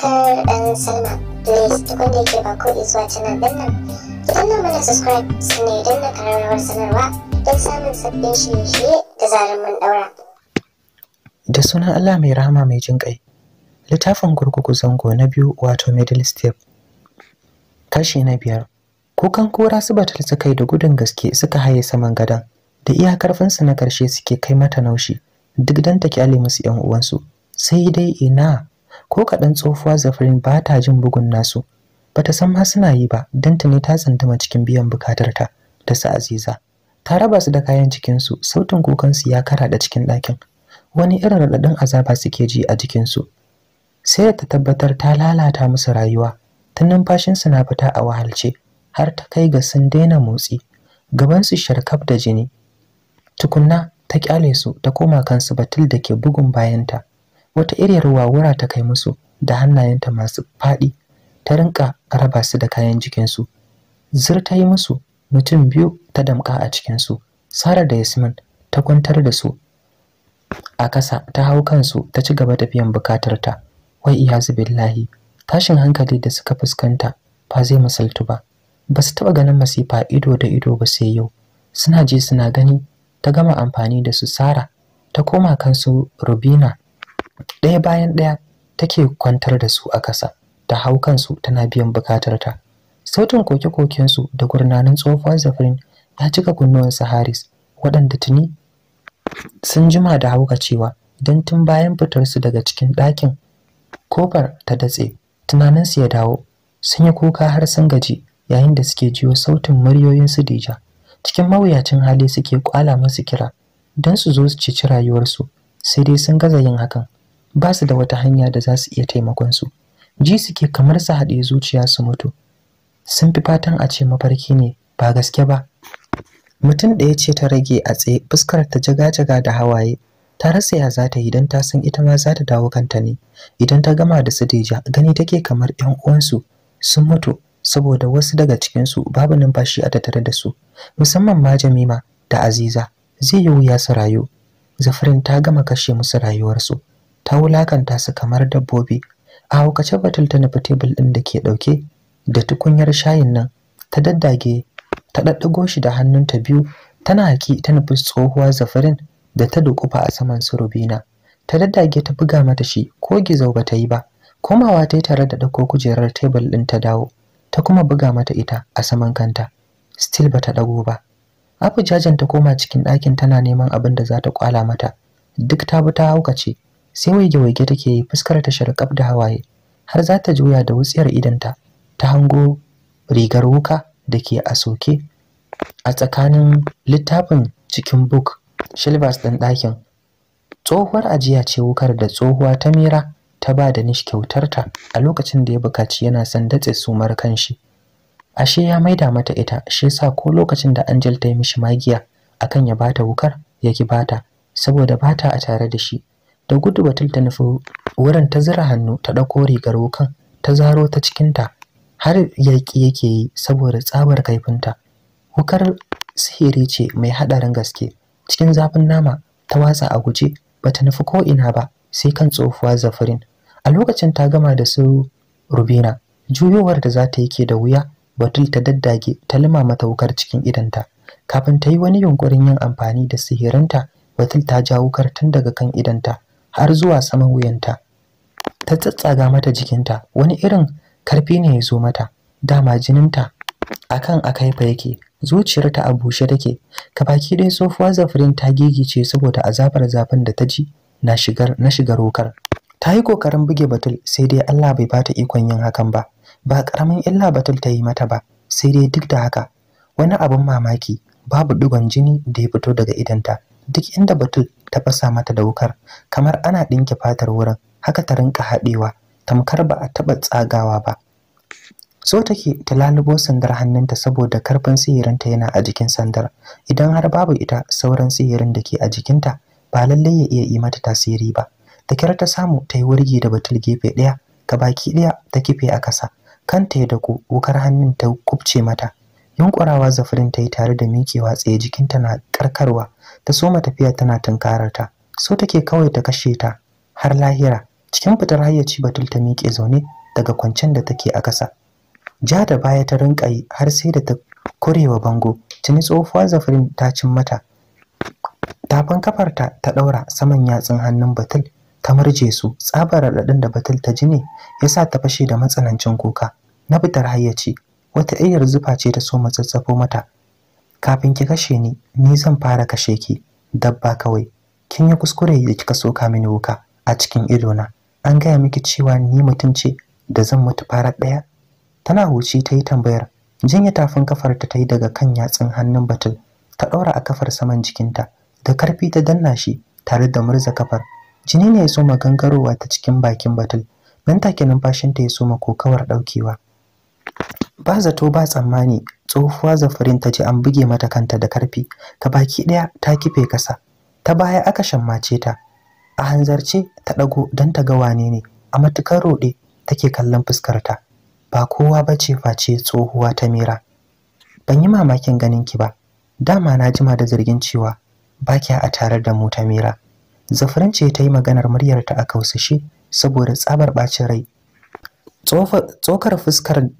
subscribe and sign up. Please tukun da yake ba ko zuwa canal din nan. Ki danna mana subscribe sannan idan na kararrawar sanarwa don samun sabbin shirye-shirye da zarar mun daura. Da sunan Allah mai rahama mai jin ƙai. Littafin gurguku zango na biyu wato middle step. Kashi na biyar. Kukan kora su batal suka yi da gudun gaske suka haye saman gadon. Da iya karfinsu na ƙarshe suke kai mata naushi. Duk don ta kyale musu 'yan uwansu. Sai dai ina ko kaɗan tsofuwa zafirin ba ta jin bugun nasu ba ta san ma suna yi ba don ta ne ta tsandama cikin biyan bukatarta da su aziza ta raba su da kayan cikinsu sautin kukansu ya kara da cikin ɗakin wani irin raɗaɗin azaba suke ji a jikinsu sai da ta tabbatar ta lalata musu rayuwa ta numfashinsu na fita a wahalce har ta kai ga sun daina motsi gabansu sharkaf da jini tukunna ta kyale su ta koma kansu batul da ke bugun bayanta wata iriyar wawura ta kai musu da hannayenta masu faɗi ta rinka raba su da kayan jikinsu zir ta yi musu mutum biyu ta damƙa a cikinsu sara da yasmin ta kwantar da su a kasa ta hau kansu ta ci gaba da biyan bukatarta wai iya zubillahi tashin hankali da suka fuskanta ba zai misaltu ba ba su taɓa ganin masifa ido da ido ba sai yau suna je suna gani ta gama amfani da su sara ta koma kansu rubina ɗaya bayan ɗaya take kwantar da su a ƙasa ta hau kansu tana biyan ta. sautin koke-kokensu da gurnanin tsofaffin zafirin ya cika kunnuwansa haris waɗanda tuni sun jima da hauka cewa don tun bayan fitar su daga cikin ɗakin kofar ta datse tunaninsu ya dawo sun yi kuka har sun gaji yayin da suke jiyo sautin muryoyin su dija cikin mawuyacin hali suke kwala masu kira don su zo su cici rayuwarsu sai dai sun gaza yin hakan ba su da wata hanya da za su iya taimakon su ji suke kamar su haɗe zuciya su mutu sun fi fatan a ce mafarki ne ba gaske ba mutum ɗaya ce ta rage a tsaye fuskar ta jaga-jaga da hawaye ta rasa ya za ta yi don ta san ita ma za ta dawo kanta ne idan ta gama da su deja gani take kamar 'yan uwansu sun mutu saboda wasu daga cikinsu babu numfashi a tattare da su musamman ma jamima da aziza zai yi wuya su rayu zafirin ta gama kashe musu rayuwarsu ta wulakanta su kamar dabbobi a haukace batul ta nufi tebul ɗin da ke ɗauke da tukunyar shayin nan ta daddage ta ɗaɗɗago shi da hannunta biyu tana haki ta nufi tsohuwa zafarin da ta dukufa a saman su rubina ta daddage ta buga mata shi ko gizo ba ta yi ba komawa ta yi tare da dako kujerar tebul ɗin ta dawo ta kuma buga mata ita a saman kanta still ba ta ɗago ba abu jajen ta koma cikin ɗakin tana neman abin da za ta kwala mata duk ta bi ta haukace sai wai gyawaike take fuskar ta sharkaf da hawaye har za ta juya da wutsiyar idanta ta hango rigar wuka da ke a soke a tsakanin littafin cikin book shilvers ɗin ɗakin tsohuwar ajiya ce wukar da tsohuwa ta mira ta ba da nish kyautarta a lokacin da ya bukaci yana son datse sumar kanshi ashe ya maida mata ita shi yasa ko lokacin da Angel ta yi mishi magiya akan ya bata wukar ya ki bata saboda bata a tare da shi da gudu batul ta nufi wurin ta zira hannu ta ɗauko rigar wukan ta zaro ta cikinta har yaƙi yake yi saboda tsabar kaifinta wukar sihiri ce mai haɗarin gaske cikin zafin nama ta watsa a guje bata nufi ko'ina ba sai kan tsofuwa zafirin a lokacin ta gama da su rubina juyowar da za ta yi ke da wuya batul ta daddage ta lima mata wukar cikin idanta kafin ta yi wani yunkurin yin amfani da sihirinta batul ta ja wukar tun daga kan idanta har zuwa saman wuyanta ta tsatsaga mata jikinta wani irin karfi ne ya zo mata dama jininta akan akaifa yake zuciyarta a bushe take baki dai tsofuwa zafirin ta gigice saboda azabar zafin da ta ji na shigar na shigar rokar ta yi kokarin buge batul sai dai Allah bai bata ikon yin hakan ba ba karamin illa batul ta yi mata ba sai dai duk da haka wani abin mamaki babu digon jini da ya fito daga idanta duk inda batul ta fasa mata da wukar kamar ana ɗinke fatar wurin haka ta rinka haɗewa tamkar ba a taɓa tsagawa ba so take ta lalubo sandar hannunta saboda karfin sihirinta yana a jikin sandar idan har babu ita sauran sihirin da ke a jikinta ba lallai ya iya yi mata tasiri ba da kira ta samu ta yi wurgi da batul gefe ɗaya ka baki ɗaya ta kife a ƙasa kanta ya dako wukar hannun ta kubce mata yunkurawa zafirin ta yi tare da mikewa tsaye jikinta na karkarwa ta soma tafiya tana tunkarar ta so take kawai ta kashe ta har lahira cikin fitar hayyaci batul ta miƙe zaune daga kwancen da take a kasa. ja da baya ta rinƙa yi har sai da ta kurewa bango tuni tsohuwar zafirin ta cin mata tafan kafarta ta ɗaura saman yatsun hannun batul ta murje su tsabar raɗaɗin da batul ta ji ne ya sa ta fashe da matsanancin kuka na fitar hayyaci wata iyar zufa ce ta so matsatsafo mata kafin ki kashe ni ni zan fara kashe ki dabba kawai kin yi kuskure da kika soka mini wuka a cikin idona an gaya miki cewa ni mutum ce da zan mutu fara ɗaya tana huci ta yi tambayar jinya tafin kafar ta yi daga kan yatsun hannun batul ta ɗaura a kafar saman jikinta da karfi ta danna shi tare da murza kafar jini ne ya soma gangarowa ta cikin bakin batul nan take numfashinta ya soma kokawar ɗaukewa ba zato ba tsammani tsohuwa zafarin ta ji an buge mata kanta da karfi ta baki ɗaya ta kife kasa ta baya aka shammace ta a hanzarce ta ɗago don ta ga wane ne a matukar roɗe take kallon fuskar ta ba kowa bace face tsohuwa ta mira ban yi mamakin ganin ki ba dama na jima da zargin cewa ba kya a tare da mu ta mira Zafarin ce ta yi maganar muryarta a kausashe saboda tsabar ɓacin rai tsokar fuskar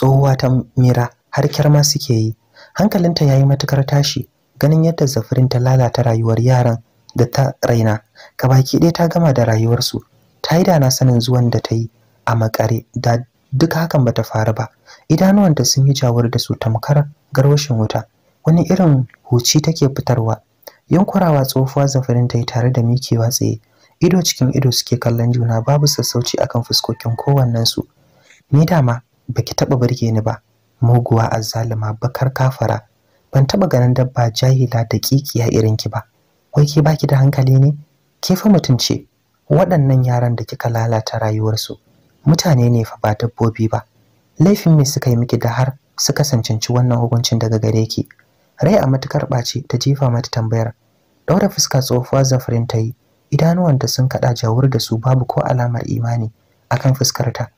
tsohuwa ta mira har kyarma suke yi hankalinta ya yi matukar tashi ganin yadda zafirin ta lalata rayuwar yaran da ta raina gabaki ɗaya ta gama da rayuwarsu ta yi dana sanin zuwan da ta yi a makare da duk hakan bata faru ba idanuwanta sun yi jawar da su tamkar garwashin wuta wani irin huci take fitarwa yankurawa tsohuwa zafirin ta yi tare da mikewa tsaye ido cikin ido suke kallon juna babu sassauci akan fuskokin kowannensu ni dama baki taba burge ni ba muguwa azzalima bakar kafara ban taba ganin dabba jahila da kikiya irin ki ba wai ki baki da hankali ne ke fa mutum ce waɗannan yaran da kika lalata rayuwarsu mutane ne fa ba dabbobi ba laifin me suka yi miki da har suka sancanci wannan hukuncin daga gare ki rai a matukar ɓace ta jefa mata tambayar daura fuska tsohuwa zafirin ta yi idanuwanta sun kaɗa jawur da su babu ko alamar imani akan fuskarta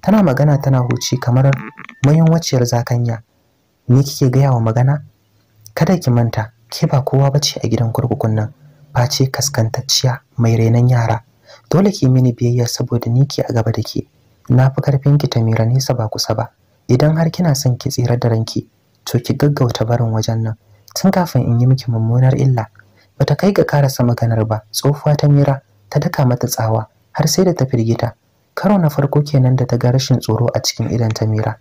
tana magana tana huce kamar mayunwaciyar zakanya ni kike gaya wa magana kada ki manta ke ba kowa bace a gidan kurkukun nan face kaskantacciya mai renon yara dole ki mini biyayya saboda ni ke a gaba da ke na fi karfin ki ta mira nesa ba kusa ba idan har kina son ki tsira da ranki to ki gaggauta barin wajen nan tun kafin in yi miki mummunar illa bata kai ga karasa maganar ba tsofuwa ta mira ta daka mata tsawa har sai da ta firgita karo na farko kenan da ta ga rashin tsoro a cikin idan mira.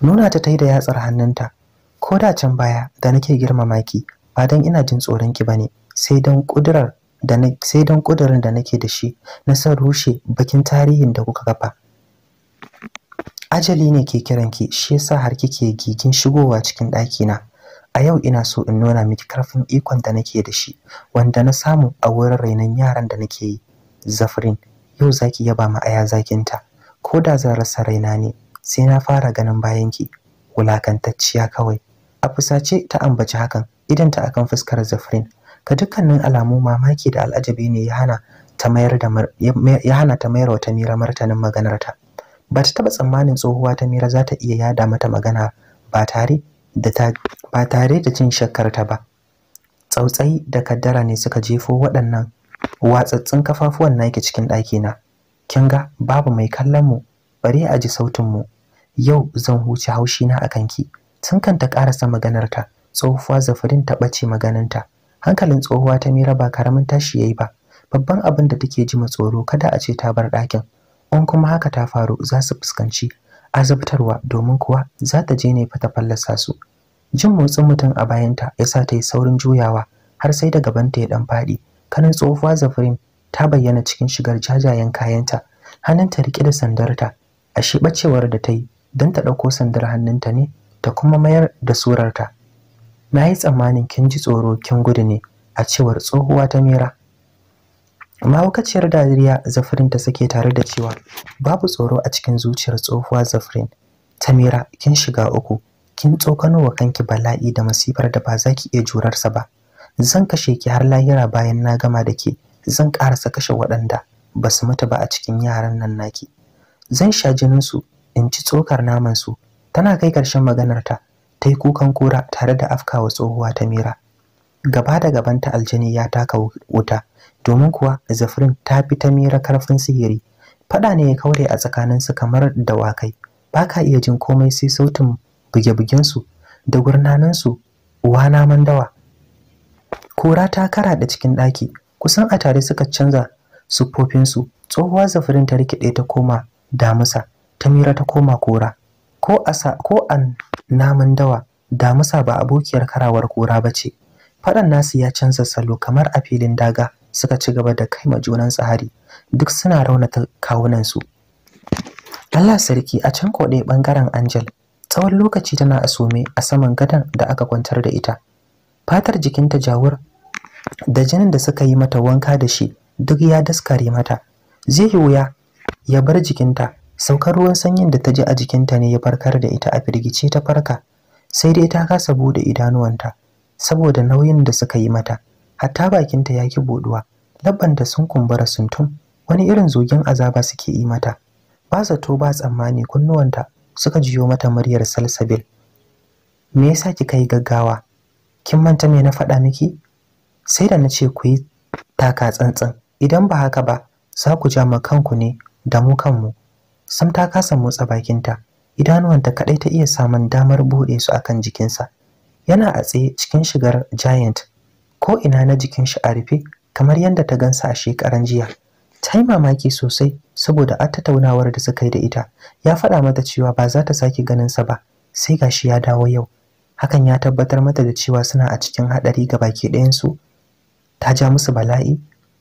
nuna ta tai da yatsar hannunta ko da can baya da nake girmama ki ba dan ina jin tsoron ki bane sai dan kudurar da na sai dan da nake da shi na san rushe bakin tarihin da kuka kafa ajali ne ke kiranki shi yasa har kike gigin shigowa cikin ɗaki na a yau ina so in nuna miki karfin ikon da nake da shi wanda na samu a wurin rainon yaran da nake yi zafrin yau zaki yaba ma aya zakinta ko da zan rasa raina ne sai na fara ganin bayan ki. wulakantacciya kawai a fusace ta ambaci hakan idan ta akan fuskar Zafrin ka dukkanin alamu mamaki da al'ajabi ne ya hana ta mayar da ya hana ta mayar wa Tamira martanin maganarta ba ta taba tsammanin tsohuwa Tamira za ta iya yada mata magana ba tare da ta ba tare da cin shakkar ta ba Tsautsai da kaddara ne suka jefo waɗannan watsattsun kafafuwan naki cikin ɗakina kin ga babu mai kallon mu bare a ji sautin mu yau zan huce haushi na akan ki tun kan ta karasa maganar ta tsohuwa zafirin ta bace maganar ta hankalin tsohuwa ta mira ba karamin tashi yayi ba babban abin da take ji tsoro kada a ce ta bar ɗakin in kuma haka ta faru za su fuskanci azabtarwa domin kuwa za ta je ne fa ta fallasa su jin motsin mutum a bayanta ya sa ta yi saurin juyawa har sai da gabanta ya dan faɗi kanin tsohuwa zafirin ta bayyana cikin shigar jajayen kayanta hannunta riƙe da sandarta a shebacewar da ta yi don ta ɗauko sandar hannunta ne ta kuma mayar da surarta na yi tsammanin kin ji tsoro kin gudu ne a cewar tsohuwa ta mera mahaukaciyar dariya zafirin ta sake tare da cewa babu tsoro a cikin zuciyar tsohuwa zafirin ta tamira kin shiga uku kin tsokano wa kanki bala'i da masifar da ba za ki iya jurarsa ba zan kashe ki har lahira bayan na gama da ke zan karasa kashe waɗanda ba su mutu ba a cikin yaran nan naki zan sha jininsu in ci tsokar namansu tana kai ƙarshen maganarta ta yi kukan kura tare da afkawa tsohuwa ta mira gaba da gabanta aljini ya taka wuta domin kuwa zafirin ta fi ta mira karfin sihiri Faɗa ne ya kaure a tsakaninsu kamar dawakai ba ka iya jin komai sai sautin buge-bugensu da gurnaninsu uwa na mandawa Kora ta kara da cikin ɗaki kusan a tare suka canza siffofinsu tsohuwa zafirin ta rikide ta koma damusa tamira ta koma kora. ko asa an namun dawa damusa ba abokiyar karawar kora ba ce faɗan nasu ya canza salo kamar a filin daga suka ci gaba da kai ma junan tsahari, duk suna raunata kawunansu Allah sarki a can koɗe ɓangaren Angel tsawon lokaci tana a some a saman gadon da aka kwantar da ita fatar jikinta jawur da jinin da suka yi mata wanka da shi duk ya daskare mata zai yi wuya ya bar jikinta saukar ruwan sanyin da ta ji a jikinta ne ya farkar da ita a firgice ta farka sai dai ta kasa bude idanuwanta saboda nauyin da suka yi mata hatta bakinta ya ki buduwa da sun kumbura sun tun wani irin zogin azaba suke yi mata ba zato ba tsammani kunnuwanta suka jiyo mata muryar salsabil me yasa kika yi gaggawa kin manta me na faɗa miki sai da na ce ku yi taka tsantsan idan ba haka ba za ku ja ma kanku ne da mu kanmu sam ta kasa motsa bakinta idanuwanta kaɗai ta iya samun damar buɗe su akan jikinsa yana a tsaye cikin shigar giant ko ina na jikin shi a rufe kamar yadda ta gansa a shekaran jiya ta yi mamaki sosai saboda a tattaunawar da suka yi da ita ya faɗa mata cewa ba za ta sake ganinsa ba sai gashi ya dawo yau hakan ya tabbatar mata da cewa suna a cikin haɗari ga baki ɗayansu ta ja musu bala'i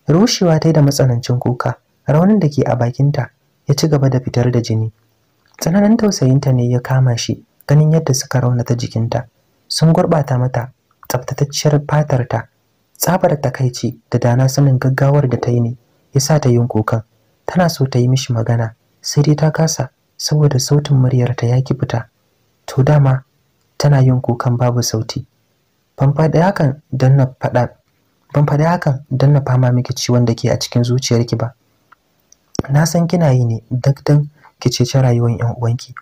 rushewa ta da matsanancin kuka raunin da ke a bakinta ya ci gaba da fitar da jini tsananin tausayinta ne ya kama shi ganin yadda suka rauna raunata jikinta sun gurɓata mata tsaftatacciyar ta. tsabar takaici da dana sanin gaggawar da ta yi ne ya sa ta yin kukan tana so ta yi mishi magana sai dai ta kasa saboda sautin muryarta ya ki fita to dama tana yin kukan babu sauti ban faɗi hakan don na fama miki ciwon da ke a cikin zuciyar ki ba na san kina yi ne don ki cece rayuwar yan uwanki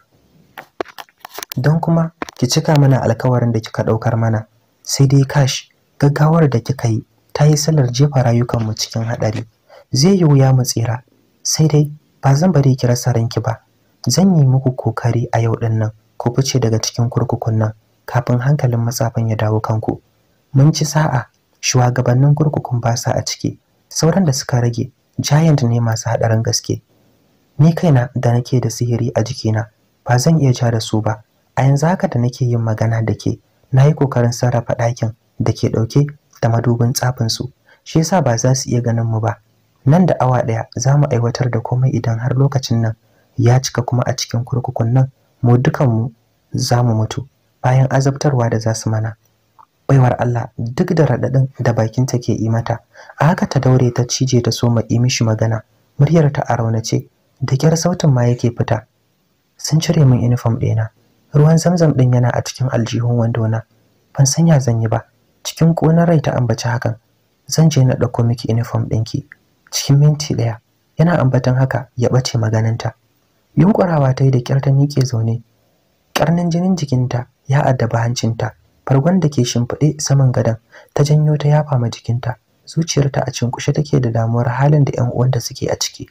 don kuma ki cika mana alkawarin da kika ɗaukar mana sai dai kash gaggawar da kika yi ta yi salar jefa rayukanmu cikin haɗari zai yi wuya mu tsira sai dai ba zan bari ki rasa ranki ba zan yi muku kokari a yau ɗin nan ku fice daga cikin kurkukun nan kafin hankalin matsafin ya dawo kanku mun ci sa'a shugabannin kurkukun ba sa a ciki sauran da suka rage giant ne masu hadarin gaske ni kaina da nake da sihiri a jikina ba zan iya ja da su ba a yanzu haka da nake yin magana da ke na yi kokarin sarrafa ɗakin da ke ɗauke da madubin tsafin su shi yasa ba za su iya ganin mu ba nan da awa ɗaya za mu aiwatar da komai idan har lokacin nan ya cika kuma a cikin kurkukun nan mu dukanmu za mu mutu bayan azabtarwa da za su mana baiwar Allah duk da raɗaɗin da bakinta ke yi mata a haka ta daure ta cije ta so mai mishi magana muryar ta a raunace da kyar sautin ma yake fita sun cire min uniform ɗina ruwan zamzam ɗin yana a cikin aljihun wandona ban san ya zan yi ba cikin ƙonar rai ta ambaci hakan zan je na ɗauko miki uniform ɗinki cikin minti ɗaya yana ambatan haka ya ɓace magananta yunkurawa ta yi da kyar ta miƙe zaune ƙarnin jinin jikinta ya addaba hancinta fargon da ke shimfiɗe saman gadon ta janyo ta yafa ma jikinta zuciyarta a cinkushe take da damuwar halin da 'yan uwanta suke a ciki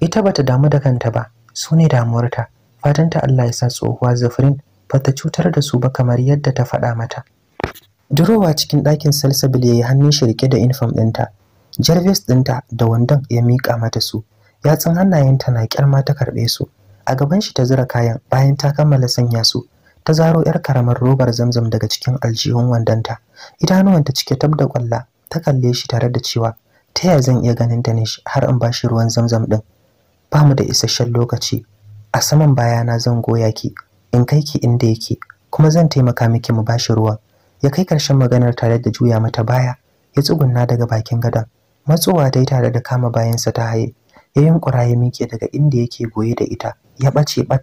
ita bata damu da kanta ba su ne damuwarta ta Allah ya sa tsohuwa Zafrin bata cutar da su ba kamar yadda ta faɗa mata durowa cikin ɗakin salsabil ya yi hannun shirke da inifom ɗinta jarvis ɗinta da wandon ya miƙa mata su yatsun hannayenta na kyarma ta karɓe su a gaban shi ta zura kayan bayan ta kammala sanya su ta zaro yar karamar robar zamzam daga cikin aljihun wandanta idanuwanta cike tab da kwalla ta kalle shi tare da cewa ta yaya zan iya ganin ta ne har in bashi ruwan zamzam din ba mu da isasshen lokaci a saman bayana zan goya ki in kai ki inda yake kuma zan taimaka miki mu bashi ruwan ya kai karshen maganar tare da juya mata baya ya tsugunna daga bakin gadon matsowa dai tare da kama bayansa ta haye ya yunkura ya miƙe daga inda yake goye da ita ya ɓace ɓat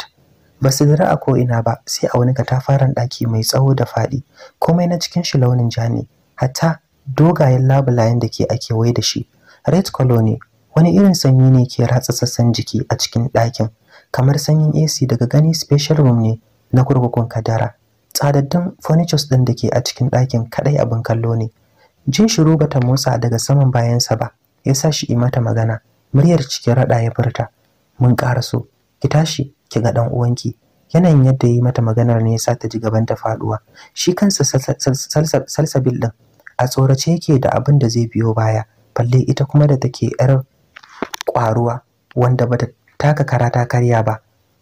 ba su dira a ko'ina ba sai a wani katafaren ɗaki mai tsawo da faɗi komai na cikin shi launin ja ne hatta dogayen labulayen da ke a kewaye da shi red color ne wani irin sanyi ne ke ratsa sassan jiki a cikin ɗakin kamar sanyin ac daga gani special room ne na kurkukun kadara tsadaddun furnitures ɗin da ke a cikin ɗakin kaɗai abin kallo ne jin shiru bata motsa daga saman bayansa ba ya sa shi mata magana muryar cikin raɗa ya furta mun karaso ki tashi ki ga dan uwanki yanayin yadda ya yi mata maganar ne ya ta ji gaban ta faɗuwa. shi kansa salsabil ɗin. a tsorace yake da abin da zai biyo baya balle ita kuma da take yar ƙwaruwa, wanda bata taka karata karya ba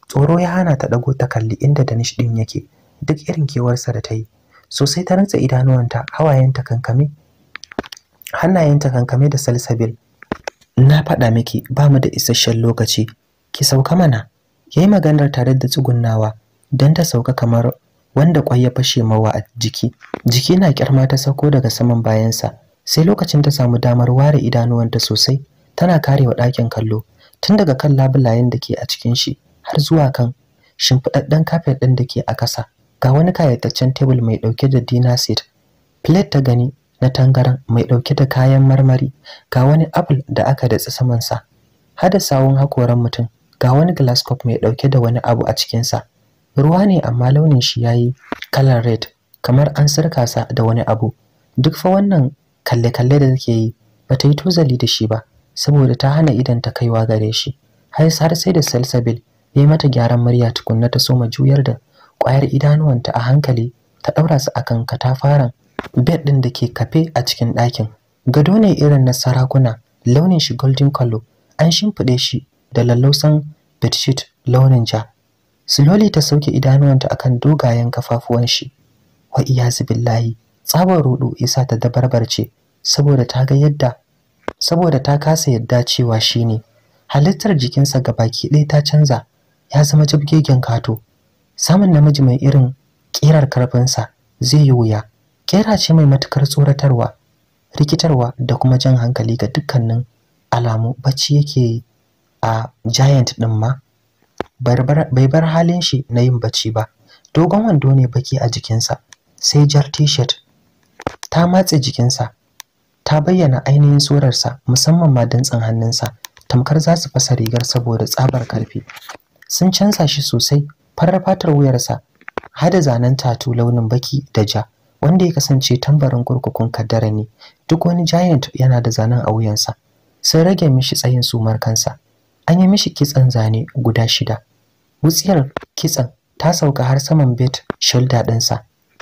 tsoro ya hana ta dago ta kalli inda danish din yake duk irin kewarsa da ta yi sosai ta rantsa idanuwanta hawayenta kankame hannayenta kankame da salsabil na faɗa miki ba mu da isasshen lokaci ki sauka mana ya yi maganar tare da tsugunnawa don ta sauka kamar wanda kwai ya fashe mawa a jiki jiki na kyarma ta sauko daga saman bayansa sai lokacin ta samu damar ware idanuwanta sosai tana karewa ɗakin kallo tun daga kan labulayen da ke a cikin shi har zuwa kan shimfiɗaɗɗen kafet ɗin da ke a ƙasa ga wani kayataccen tebul mai ɗauke da dinner set plate ta gani na tangaran mai ɗauke da kayan marmari ga wani apple da aka datsa samansa hada sawun hakoran mutum ga wani glass cup mai ɗauke da wani abu a cikin sa ruwa ne amma launin shi yayi kalar red kamar an sirka sa da wani abu duk fa wannan kalle-kalle da take yi ba yi tozali da shi ba saboda ta hana idan ta kaiwa gare shi har sai da salsabil ya yi mata gyaran murya tukunna ta soma juyar da ƙwayar idanuwanta a hankali ta ɗaura su akan katafaren bed ɗin da ke kafe a cikin ɗakin gado ne irin na sarakuna launin shi golden color an shimfiɗe shi da lallausan bedsheet launin ja Slowly ta sauke idanuwanta akan dogayen kafafuwan shi. Wa iya billahi, tsabar rudu isa ta dabarbarce saboda ta ga yadda saboda ta kasa yadda cewa shi ne, Halittar jikinsa ga baki ɗaya ta canza, ya zama jibgegen kato. Samun namiji mai irin ƙirar karfinsa zai yi wuya. kera ce mai matukar tsoratarwa rikitarwa da kuma jan hankali ga dukkanin alamu bacci yake a giant din ma bai bar halin shi na yin bacci ba dogon wando ne baki a jikinsa sai jar t-shirt ta matse jikinsa ta bayyana ainihin tsorarsa, musamman ma dantsin hannunsa tamkar za su fasa rigar saboda tsabar karfi sun canza shi sosai farar fatar wuyarsa hada zanen tatu launin baki da ja wanda ya kasance tambarin kurkukun kaddara ne duk wani giant yana da zanen a wuyansa sun rage mishi tsayin sumar kansa an yi mishi kitsan zane guda shida wutsiyar kitsan ta sauka har saman bet shoulder ɗinsa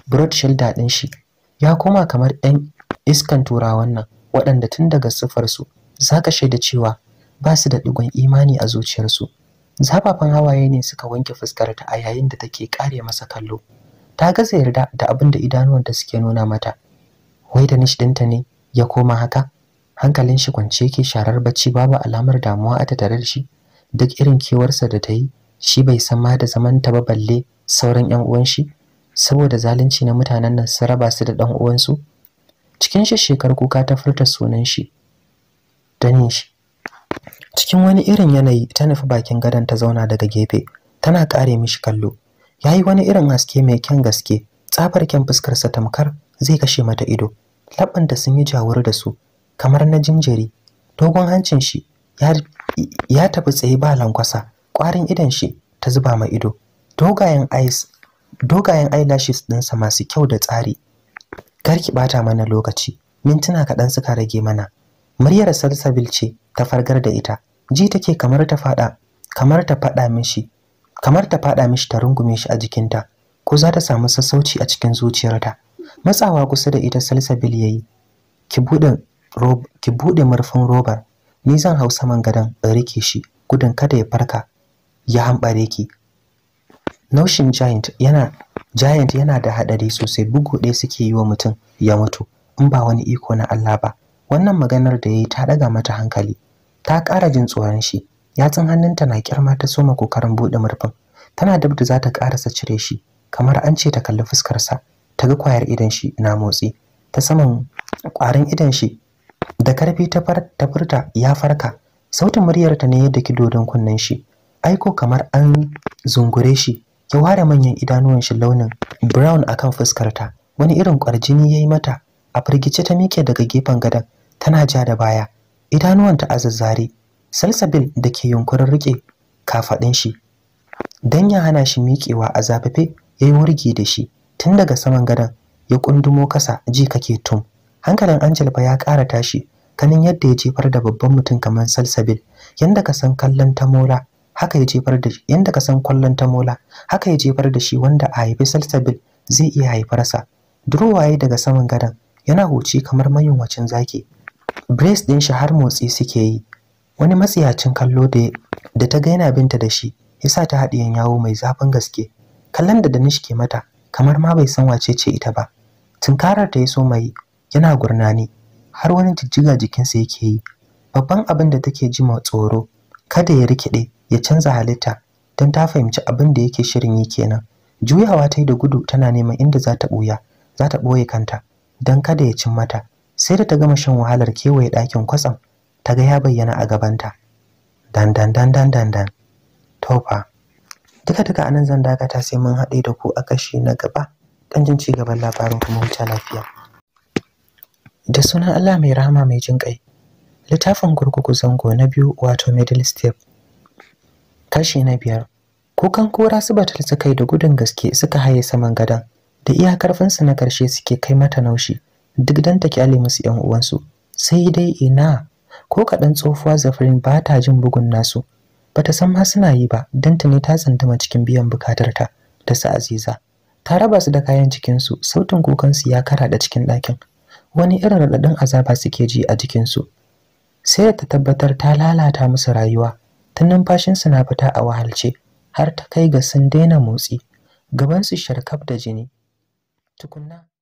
broad shoulder ɗin shi ya koma kamar ɗan iskan turawan nan waɗanda tun daga siffarsu za ka shaida cewa ba su da ɗigon imani a zuciyarsu zafafan hawaye ne suka wanke fuskarta a yayin da take kare masa kallo ta gaza yarda da abin da idanuwanta suke nuna mata wai da nish ɗinta ne ya koma haka hankalin shi kwance yake sharar bacci babu alamar damuwa a tattare da shi duk irin kewarsa da ta yi shi bai san ma da zaman ta ba balle sauran yan uwan shi saboda zalunci na mutanen nan su raba su da dan uwansu cikin shi shekar kuka ta furta sunan shi shi. cikin wani irin yanayi ta nufi bakin gadon ta zauna daga gefe tana kare mishi kallo ya yi wani irin haske mai kyan gaske tsabar kyan fuskarsa tamkar zai kashe mata ido Labban da sun yi jawuri da su kamar na jinjiri dogon hancin shi ya tafi tsaye ba lankwasa Kwarin idon shi ta zuba ma ido dogayen eyes dogayen eyelashes ɗinsa masu kyau da tsari kar ki bata mana lokaci mintuna kaɗan suka rage mana muryar salsabil ce ta fargar da ita ji take kamar ta faɗa kamar ta faɗa mishi kamar ta faɗa mishi ta rungume shi a jikinta ko za ta samu sassauci a cikin zuciyarta matsawa kusa da ita salsabil yayi ki buɗe ki buɗe murfin robar ni zan hausa saman gadon in rike shi gudun kada ya farka ya hambare ki naushin giant yana giant yana da hadari sosai bugu ɗaya suke yi wa mutum ya mutu in ba wani iko na Allah ba wannan maganar da yayi ta daga mata hankali ta ƙara jin tsoron shi yatsun hannunta na kirma ta soma kokarin buɗe murfin tana dab da za ta karasa cire shi kamar an ce ta kalli fuskarsa ta ga kwayar idan shi na motsi ta saman kwarin idan shi da karfi ta furta ya farka sautin muryarta ne yadda kidodon kunnen shi aiko kamar an zungure shi ya ware manyan idanuwan shi launin brown akan fuskarta wani irin kwarjini yayi mata a firgice ta mike daga gefen gadon tana ja da baya idanuwanta a zazzare salsabil da ke yunkurin riƙe kafaɗin shi don ya hana shi miƙewa a zafafe ya yi wurge da shi tun daga saman gadon ya kundumo kasa ji kake tum hankalin angel ya ƙara tashi kanin yadda ya jefar da babban mutum kamar salsabil yanda ka san kallon tamola haka ya jefar da yanda ka san kallon mola haka ya jefar da shi wanda a haifi salsabil zai iya haifarsa durowaye daga saman gadon yana huci kamar mayunwacin zaki brace ɗin shi har motsi suke yi wani matsiyacin kallo da ta ga yana binta da shi yasa ta haɗiyan yawo mai zafin gaske kallon da danish ke mata kamar ma bai san wace ce ita ba tunkarar ta ya so mai yana gurnani har wani jijjiga jikinsa yake yi babban abin da take ji ma tsoro kada ya rikide ya canza halitta don ta fahimci abin da yake shirin yi kenan juyawa ta da gudu tana neman inda za ta ɓuya za ta ɓoye kanta don kada ya cin mata sai da ta gama shan wahalar kewaye ɗakin kwatsam ta ga ya bayyana a gabanta dan dan dan dan dan duka duka anan zan dakata sai mun haɗe da ku a kashi na gaba dan jin ci gaban labarin kuma huta lafiya da sunan Allah mai rahama mai jin kai littafin kurkuku zango na biyu wato middle step kashi na biyar kukan kora su batal su kai da gudun gaske suka haye saman gadon da iya karfinsu na karshe suke kai mata naushi duk dan ta kyale musu yan uwansu sai dai ina ko kaɗan tsofuwa zafirin ba ta jin bugun nasu ba ta san ma suna yi ba don ta ne ta tsandama cikin biyan bukatarta da su aziza ta raba su da kayan cikinsu sautin kukansu ya kara da cikin ɗakin wani irin raɗaɗin azaba suke ji a jikinsu sai da ta tabbatar ta lalata musu rayuwa ta numfashinsu na fita a wahalce har ta kai ga sun daina motsi gabansu sharkaf da jini tukunna